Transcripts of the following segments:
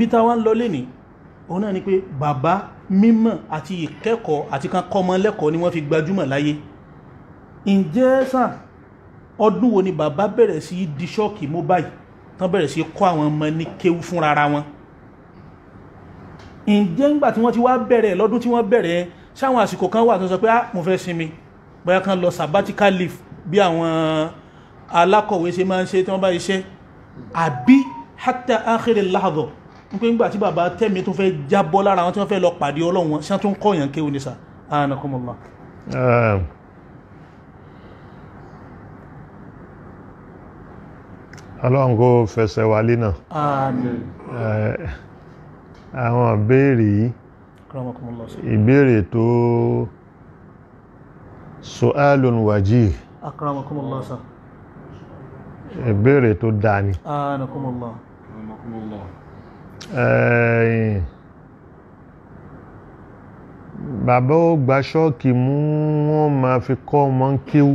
ibi tá wá ń lọ lénìí òun náà ni pé bàbá mímọ̀ àti ìkẹ́kọ̀ọ́ àti kan kọ́mọ lẹ́kọ̀ọ́ ni wọ́n fi gbajúmọ̀ láyé ǹjẹ́ sà ọdún wo ni bàbá bẹ̀rẹ̀ sí di ṣọ́ọ̀kì mú báyìí tán bẹ̀rẹ̀ sí kọ́ àwọn ọmọ ní kéwú fúnra ra wọn ǹjẹ́ ńgbà tí wọ́n ti wá bẹ̀rẹ̀ lọ́dún tí wọ́n bẹ̀rẹ̀ sáwọn àsìkò kan wà tó sọ pé ah mo fẹ́ sinmi bóyá kan lọ sabbatical leave bí àwọn alákọ̀wé ṣe máa ń ṣe tí wọ́n bá iṣẹ́ àbí hatta akhiri lahadọ̀ wípé nígbà tí bàbá tẹ̀mí tó fẹ́ jábọ́ lára wọn tí wọ́n fẹ́ lọ pàdé ọlọ́run ṣé tó ń kọ́ yàn kéwòn ní sà anakumullah. ọlọ́run kó fẹsẹ̀ wálé náà. àmín. àwọn ìbéèrè yìí ìbéèrè tó su'alun wajih. akramakumullah ìbéèrè tó dáa ni bàbá ó gba ṣọ́ọ̀kì mú wọn máa fi kọ́ ọmọ ń kíw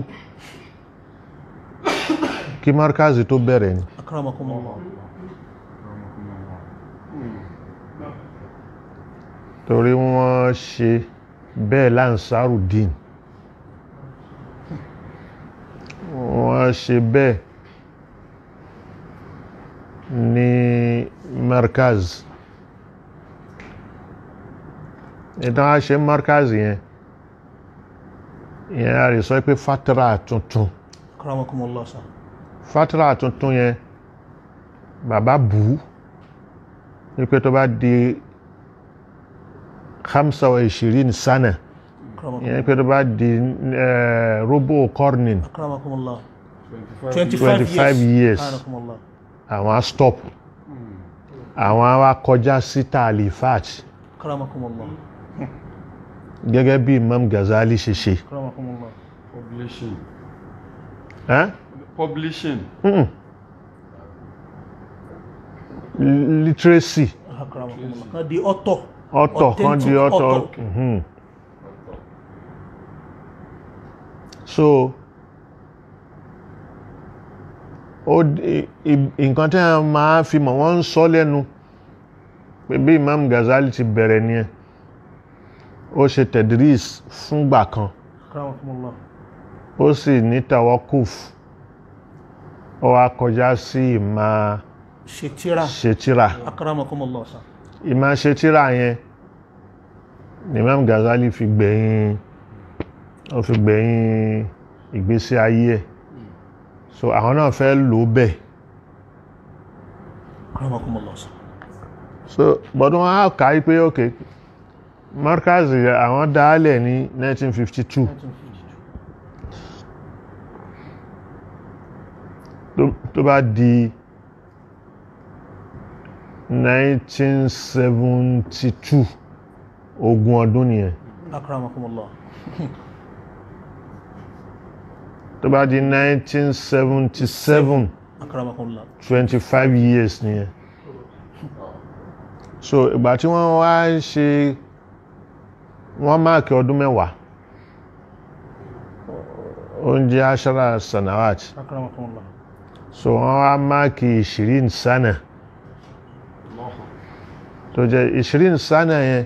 kí márkàzì tó bẹ̀rẹ̀ ni. torí wọ́n ṣe bẹ́ẹ̀ láǹsàrù dín wọ́n ṣe bẹ́ẹ̀ ní mọ́rkàz ìtàn e a ṣe mọ́rkàz yẹn e? ìyẹn e a lè sọ pé fatra tuntun fatra tuntun yẹn bàbá bù ú wípé tó bá di khamsa wa ishirin sana ìyẹn pé tó bá di robo corning twenty five years àwọn á stop àwọn á wá kọjá sí taalifat karamakumullah gẹ́gẹ́ bí Imam gazali ṣe ṣe karamakumullah publishing eh? publishing mm Literacy. literacy kan di ọ̀tọ̀ ọ̀tọ̀ kan di Hmm. so nǹkan tí wọ́n máa fi mọ̀ wọ́n ń sọ lẹ́nu pé bí Imam gazali ti bẹ̀rẹ̀ ni ẹ̀ ó ṣe tedris fúngbà kan ó sì ní tawakuf ó wá kọjá sí ìmá ṣetíra ìmá ṣetíra yẹn ni Imam gazali fi gbẹ̀yìn ó fi gbẹ̀yìn ìgbésí ayé ẹ̀ so àwọn náà fẹ́ lò bẹ́ẹ̀ so bọ́dún wọn á kà í pé ok Markaz àwọn dálẹ̀ ní 1952 tó bá di 1972 ogún ọdún nìyẹn tó bá di nineteen seventy seven twenty five years nìyẹn so ìgbà tí wọ́n wá ṣe wọ́n máàkì ọdún mẹ́wàá oúnjẹ aṣara sanawat so wọ́n wá máàkì ìṣirin sánà tó jẹ́ ìṣirin sánà yẹn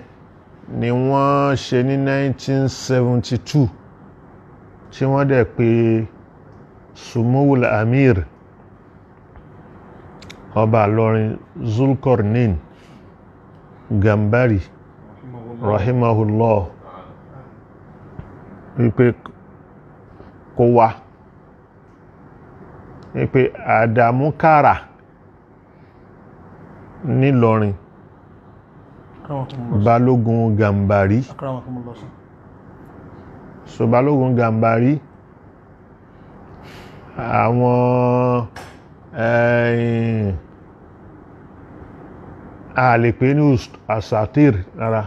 ni wọ́n ṣe ní nineteen seventy two tí wọ́n dẹ̀ pé sumowul amir ọba lọrin zulkornin gambari rahimahullah wípé kó wá wípé àdàmúkàrà nílọrin balógun gambari. Akramakumullah so balógun gàǹbarí àwọn àlèpé ní asatir rárá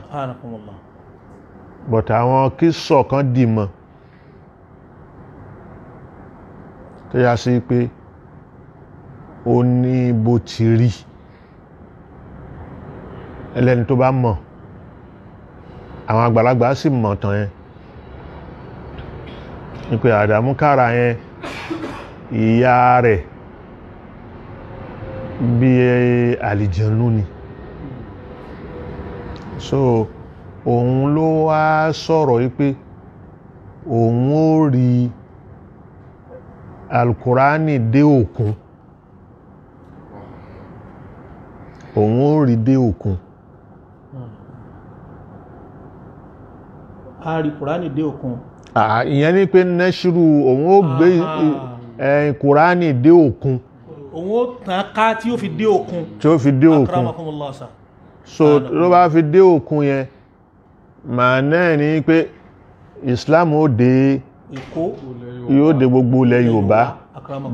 but àwọn kí sọ̀kan dìmọ̀ tó yá sí pé ó ní bó ti rí ẹlẹ́ni tó bá mọ̀ àwọn àgbàlagbà sì mọ̀ tán yẹn ni pé Àdàmú Kárà yẹn ìyá rẹ̀ bí àlìjẹ̀nú ni so òun ló wá sọ̀rọ̀ wípé òun ó rí alukurani dé òkun òun ó rí dé òkun. a rí kurani dé òkun. ìyẹn ni pé nẹ́ṣirù òun ó gbé kùránì dé òkun òun ó tàn ká tí ó fi dé òkun tí ó fi dé òkun so ló bá fi dé òkun yẹn màá náà ni pé Islam ó dé yóò dé gbogbo ilẹ̀ Yorùbá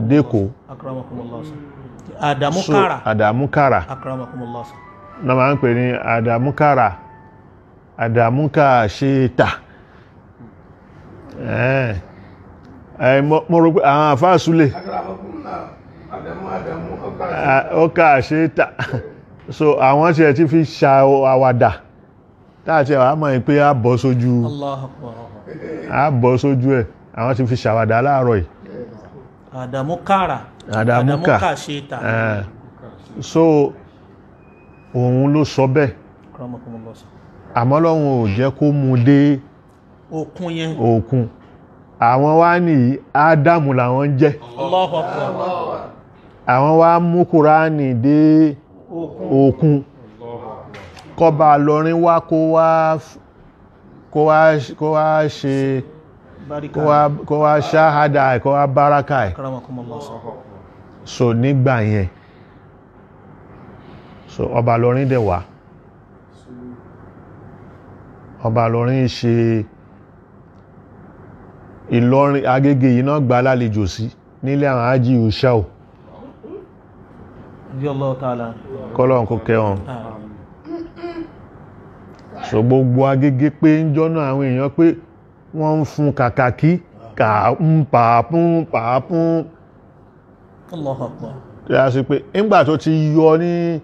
dẹ́kọ̀ àdàmúkàrà àdàmúkàrà náà máa ń pè ní àdàmúkàrà àdàmúkà ṣe tà. ẹ eh. eh, mo rò pé àwọn àfáà súlẹ̀ ah, ó kà ṣe tà so àwọn tí ẹ ti fi ṣàwàdà táàtì àwọn àmọ́ pé a bọ́ sójú a bọ́ sójú ẹ̀ àwọn ti fi ṣàwàdà láàárọ̀ yìí àdàmú kàrà àdàmú kà ṣe tà eh. so òun ló sọ bẹ́ẹ̀ àmọ́ lọ́hun ò jẹ́ kó mu dé òkun yẹn. òkun àwọn wá nìyí ádámù làwọn ń jẹ́. Allahu Akbar. àwọn wá mú kúránì dé òkun kọba lọrin wá kó wá kó wá kó wá ṣe kó wá ṣáhádà kó wá báraka ẹ̀ so nígbà yẹn so ọba lọrin dẹ̀ wá ọba lọrin ṣe. She... Ìlọrin Agége yìí náà gba alálejò sí nílé àwọn ájì ìṣàò kọ́lọ̀n kó kẹwọn so gbogbo Agége pé ń jọ́nà àwọn èèyàn pé wọ́n ń fún kàkàkí kàápùn pàápùn ti yọ ní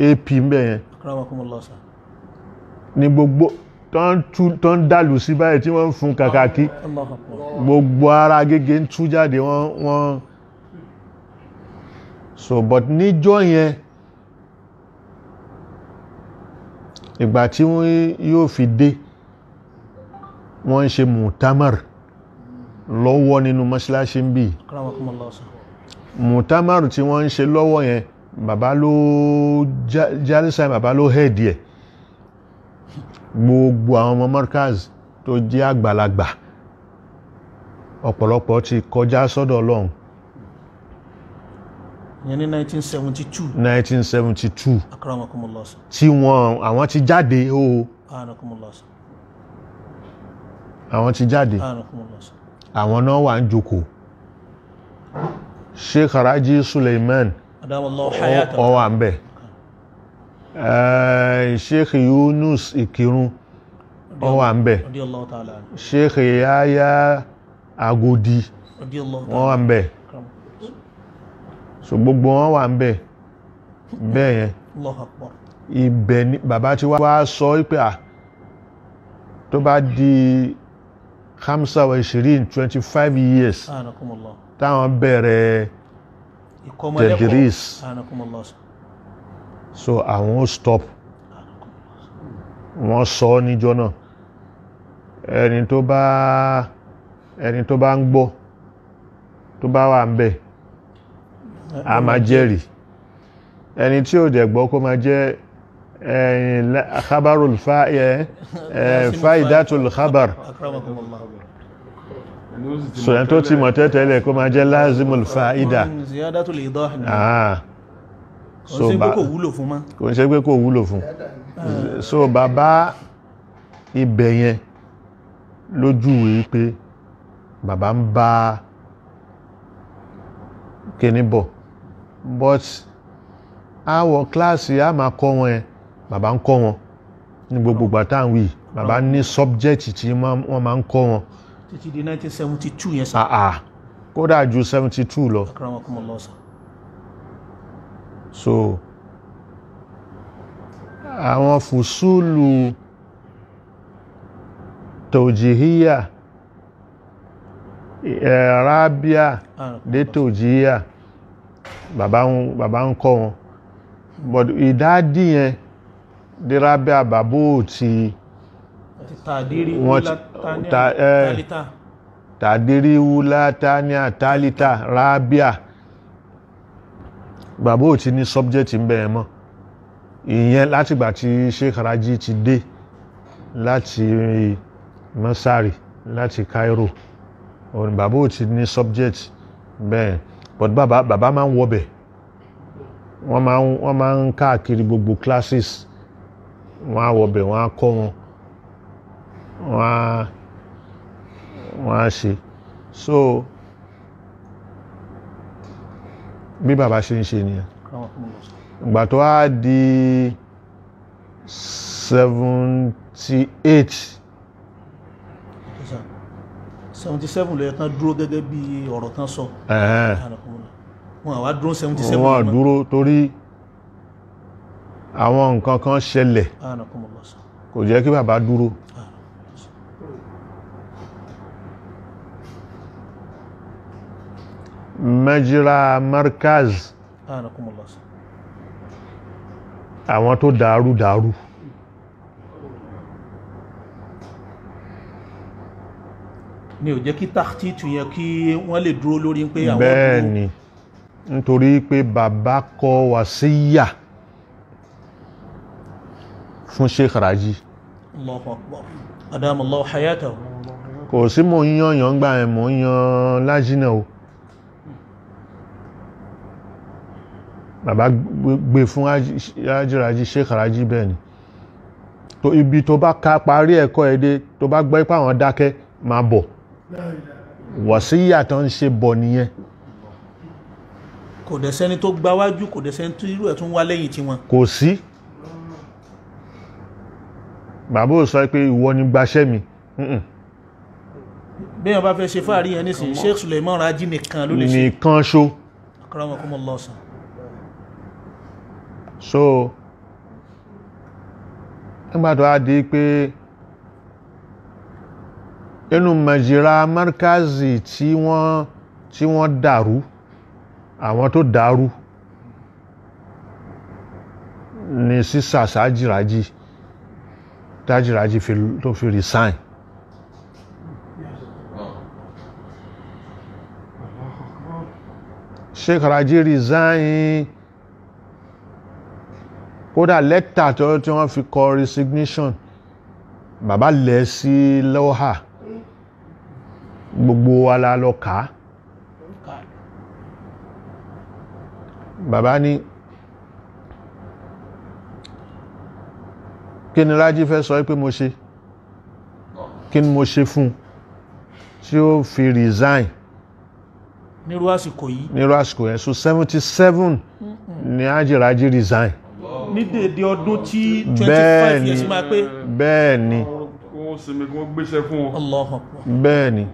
ap ní tó ń dàlù sí báyìí tí wọ́n ń fún kàkàkí gbogbo ara gègé ń tú jáde wọ́n wọ́n so but níjọ́ yẹn ìgbà tí wọ́n yóò fi dé wọ́n ń ṣe mutamar lọ́wọ́ nínú mọ́ṣíláṣí ń bì mutamar tí wọ́n ń ṣe lọ́wọ́ yẹn bàbá ló jálísà bàbá ló hẹ́ẹ̀dì ẹ̀ gbogbo àwọn ọmọ Markaz tó jẹ́ àgbàlagbà ọ̀pọ̀lọpọ̀ ti kọjá sọ́dọ̀ Ọlọ́run ìyẹn ní 1972 1972 akramakumulasa tí wọn àwọn ti jáde o akramakumulasa àwọn ti jáde akramakumulasa àwọn náà wà ń jókòó Sheikh Haraji Suleiman adamallahu hayatahu ó wà ń bẹ̀ Eh, sheikh yunus ikirun wọ́n wà ń bẹ̀ sheikh yaya agodi wọ́n wà ń bẹ̀ so gbogbo wọn wà ń bẹ̀ bẹ́ẹ̀ yẹn ibẹ̀ ni bàbá tí wá sọ pé à ah, tó bá di hamsa wa ishirin twenty five years táwọn bẹ̀rẹ̀ tedris so àwọn ó stop wọ́n sọ ọ́ níjọ́ náà ẹni tó bá ẹni tó bá ń gbọ́ tó bá wà ń bẹ̀ a máa jẹ́rìí ẹni tí ò dẹ̀ gbọ́ kó máa jẹ́ ẹ̀yìn khabarul fa'idatul khabar so ẹni tó ti mọ̀ tẹ́tẹ́lẹ̀ kó máa jẹ́ lazimul fa'ida. ziyadatul so ba kò wúlò fún mọ́ kò ń ṣe pé kò wúlò fún so bàbá ibẹ̀ yẹn lójú wípé bàbá ń bá kíní bọ̀ but àwọ̀ kíláàsì a máa kọ́ wọn ẹ bàbá ń kọ́ wọn ní gbogbo gbàtà ń wí bàbá ní sọ́bjẹ́tì tí wọ́n máa ń kọ́ wọn. títí di 1972 yẹn kódà ju 72 lọ so àwọn fùsúlù tòjìhíyà eh, rábíà dé tòjìhíyà bàbá ń kọ́ wọn but ìdádì yẹn dé rábíà bàbá ò ti tàdírí wúlátá ní àtàlítà rábíà bàbá ò ti ní subject ń bẹ̀ ẹ̀ mọ́ ìyẹn látìgbà tí Sheikh Raji ti dé láti mọ́sárì láti Cairo òun bàbá ò ti ní subject bẹ́ẹ̀ but bàbá bàbá máa ń wọbẹ̀ wọ́n máa ń wọ́n máa ń káàkiri gbogbo classes wọ́n á wọbẹ̀ wọ́n á kọ́ wọn wọ́n á wọ́n á ṣe so bí bàbá ṣe ń ṣe nìyẹn ìgbà tó wá di seventy eight. seventy seven ló yẹ kán dúró gẹ́gẹ́ bí ọ̀rọ̀ tán sọ. wọn àwa dúró seventy seven. wọn dúró torí àwọn nǹkan kan ṣẹlẹ̀ kò jẹ́ kí bàbá dúró. mẹjìlá markaz àwọn tó dàrú dàrú ni ò jẹ́ kí tàkìtù yẹn kí wọ́n lè dúró lórí pé àwọn bẹ́ẹ̀ ni nítorí pé bàbá kọ wàsíyà fún Sheikh Raji Allahu Akbar adamallahu hayatahu kò sí mò ń yan yàn gbà ẹ̀ mò ń yan lájínà o. bàbá gbé fún ajiraji sheikh alhaji bẹ́ẹ̀ ni tó ibi tó bá ka parí ẹ̀kọ́ èdè tó bá gbọ́ ipá àwọn dákẹ́ máa bọ̀ wàsíyà tó ń ṣe bọ̀ nìyẹn kò dẹ̀ sẹ́ni tó gbáwájú kò dẹ̀ sẹ́ni tó irú ẹ̀ tún wá lẹ́yìn tiwọn kò sí bàbá ò sọ pé ìwọ ni gbaṣẹ́ mi bẹ́ẹ̀ bá fẹ́ ṣe fáàrí yẹn nísìnyí Sheikh Suleiman Raji nìkan ló lè ṣe nìkan ṣo akọ́rọ́mọkọ́mọ lọ́sàn so nígbà tó a di pé inú mẹ̀jìrà márkázì tí wọ́n tí wọ́n dàrú àwọn tó dàrú ni sísà sájìrájì tájìrájì tó fi resign Sheikh Raji resign kódà lẹ́tà tí wọ́n fi kọ resignation bàbá lẹ̀ sí lọ́hà gbogbo wa la lọ kà á bàbá ní kí ni Rájí fẹ́ sọ pé mo ṣe kí ni mo ṣe fún tí ó fi resign nírú àsìkò yìí nírú àsìkò yẹn so seventy seven ni Hájì Rájí resign ní dèdè ọdún tí 25 years máa pé bẹ́ẹ̀ni bẹ́ẹ̀ni